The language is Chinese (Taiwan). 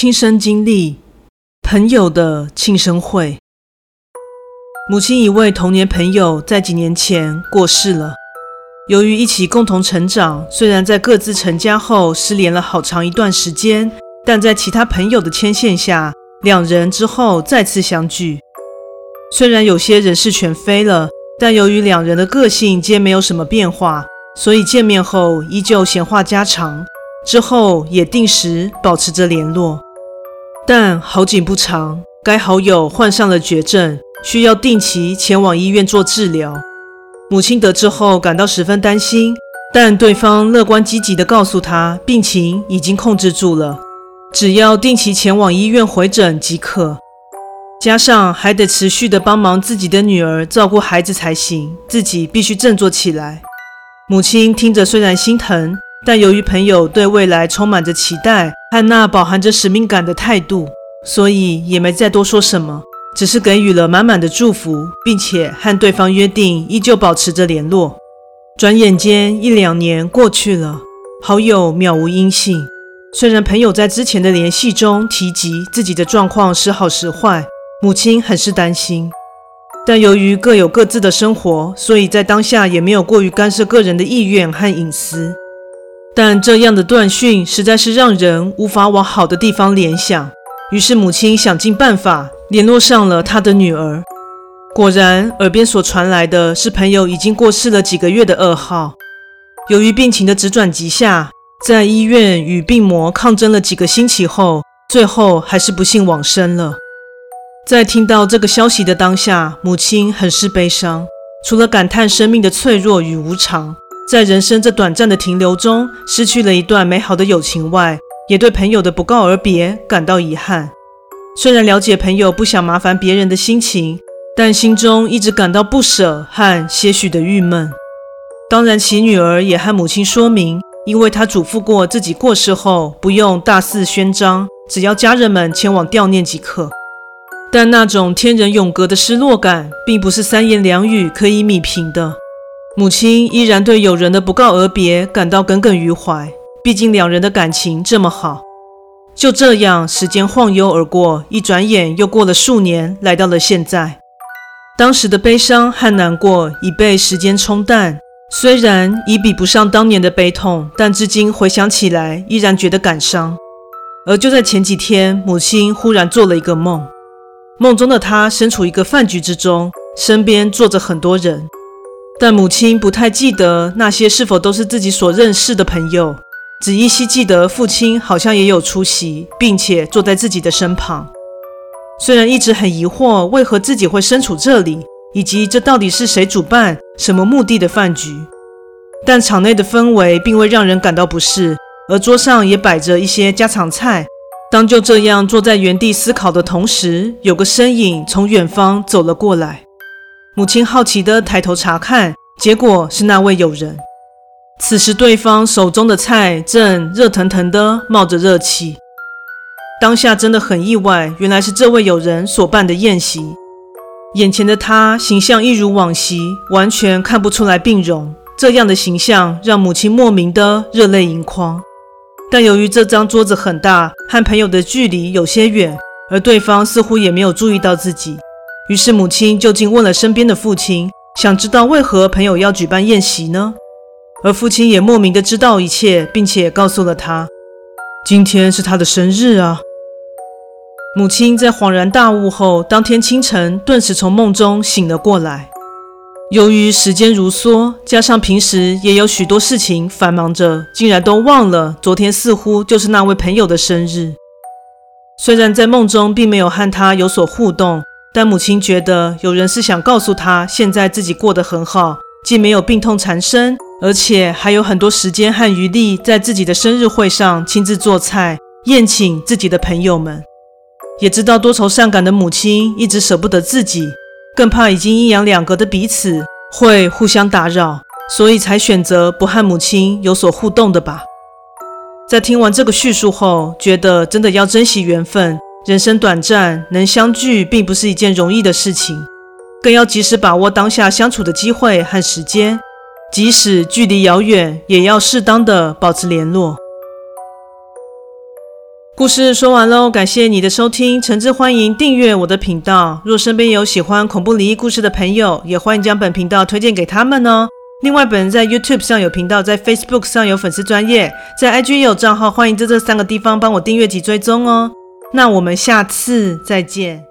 親身經歷，朋友的慶生會，母親一位童年朋友在幾年前過世了。由於一起共同成長，雖然在各自成家後失聯了好長一段時間，但在其他朋友的牽線下，兩人之後再次相聚。雖然有些人事全非了，但由於兩人的個性皆沒有什麼變化，所以見面後依舊閒話家常，之後也定時保持着聯絡。但好景不長，該好友患上了絕症，需要定期前往醫院做治療。母親得知後感到十分擔心，但對方樂觀積極地告訴她，病情已經控制住了，只要定期前往醫院回診即可。加上還得持續地幫忙自己的女兒照顧孩子才行，自己必須振作起來。母親聽着雖然心疼，但由於朋友對未來充滿着期待。漢娜飽含着使命感的態度，所以也沒再多說什麼，只是給予了滿滿的祝福，並且和對方約定依舊保持着聯絡。轉眼間一兩年過去了，好友渺無音信。雖然朋友在之前的聯繫中提及自己的狀況時好時壞，母親很是擔心，但由於各有各自的生活，所以在當下也沒有過於干涉個人的意願和隱私。但這樣的斷訊實在是讓人無法往好的地方聯想。於是母親想盡辦法聯絡上了她的女兒，果然，耳邊所傳來的是朋友已經過世了幾個月的噩耗。由於病情的急轉直下，在醫院與病魔抗爭了幾個星期後，最後還是不幸往生了。在聽到這個消息的當下，母親很是悲傷，除了感嘆生命的脆弱與無常。在人生這短暫的停留中，失去了一段美好的友情外，也對朋友的不告而別感到遺憾。雖然了解朋友不想麻煩別人的心情，但心中一直感到不捨和些許的鬱悶。當然，其女兒也和母親說明，因為她囑咐過自己過世後不用大肆宣揚，只要家人們前往吊念即可。但那種天人永隔的失落感，並不是三言兩語可以弭平的。母親依然對友人的不告而別感到耿耿於懷，畢竟兩人的感情這麼好。就這樣，時間晃悠而過，一轉眼又過了數年，來到了現在。當時的悲傷和難過已被時間沖淡，雖然已比不上當年的悲痛，但至今回想起來，依然覺得感傷。而就在前幾天，母親忽然做了一個夢，夢中的她身處一個飯局之中，身邊坐着很多人。但母親不太記得那些是否都是自己所認識的朋友，只依稀記得父親好像也有出席，並且坐在自己的身旁。雖然一直很疑惑為何自己會身處這裡，以及這到底是誰主辦、什麼目的的飯局，但場內的氛圍並未讓人感到不適，而桌上也擺着一些家常菜。當就這樣坐在原地思考的同時，有個身影從遠方走了過來。母親好奇地抬頭查看，結果是那位友人。此時，對方手中的菜正熱騰騰地冒着熱氣。當下真的很意外，原來是這位友人所辦的宴席。眼前的他形象一如往昔，完全看不出來病容。這樣的形象讓母親莫名的熱淚盈眶。但由於這張桌子很大，和朋友的距離有些遠，而對方似乎也沒有注意到自己。於是母親就近問了身邊的父親，想知道為何朋友要舉辦宴席呢？而父親也莫名的知道一切，並且告訴了他，今天是他的生日啊！母親在恍然大悟後，當天清晨頓時從夢中醒了過來。由於時間如梭，加上平時也有許多事情繁忙着，竟然都忘了昨天似乎就是那位朋友的生日。雖然在夢中並沒有和他有所互動。但母親覺得有人是想告訴她，現在自己過得很好，既沒有病痛纏身，而且還有很多時間和餘力，在自己的生日會上親自做菜宴請自己的朋友們。也知道多愁善感的母親一直舍不得自己，更怕已經陰陽兩隔的彼此會互相打擾，所以才選擇不和母親有所互動的吧。在聽完這個敘述後，覺得真的要珍惜緣分。人生短暫，能相聚並不是一件容易的事情，更要及時把握當下相處的機會和時間。即使距離遙遠，也要適當的保持聯絡。故事說完嘍，感謝你的收聽，誠摯歡迎訂閱我的頻道。若身邊有喜歡恐怖靈異故事的朋友，也歡迎將本頻道推薦給他們哦。另外，本人在 YouTube 上有頻道，在 Facebook 上有粉絲專頁，在 IG 有賬號，歡迎在這三個地方幫我訂閱及追蹤哦。那我們下次再見。